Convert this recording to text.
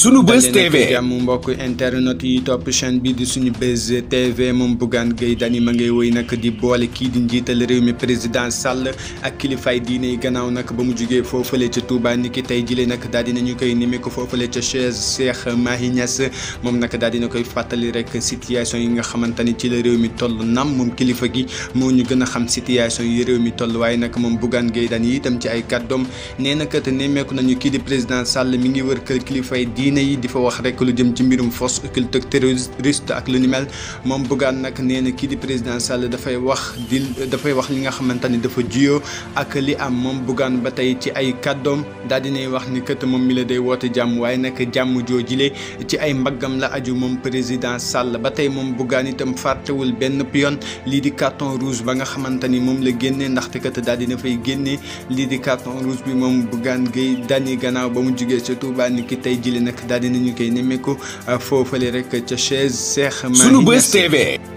sunu bës TV jàmm mbokk internet yi topp chaîne bi di suñu bës TV moom Bougane Gueye Dany ma ngay woy nag di boole kii di njiital réew mi président Sall ak kilifaay diine yi gannaaw nag ba mu jugee foofale ca Touba niki tey jile nag daal dinañu koy nime ko foofale ca Cheikh Mahi Niass moom nag daal dina koy fàttali rek situation yi nga xamante ni ci la réew mi toll nam moom kilifa gi moo ñu gën a xam situation yi réew mi toll waaye nag moom Bougane Gueye Dany itam ci ay kàddoom nee na kat Sall mi ngi wër diine yi di fa wax rek lu jëm ci mbirum force occulte ak terroriste ak di président Sall dafay wax di dafay wax li nga xamante ni dafa juyoo ak li am moom Bougane ba tey ci ay kàddoom daal dinay wax ni kët moom mi la day woote jàmm waaye nag jàmm joo jile ci ay mbaggam la aju moom président Sall ba tey moom Bougane itam fàttewul benn pion lii di carton rouge ba nga xamante ni moom la génnee ndaxte kat daal dina fay génnee lii di carton bi moom Bougane Gueye Dany gannaaw ba mu jugee ca Touba ki tey jile nag daal dinañu koy nemmeeku foofale rek ca chaise Cheikh Mahi. Sunu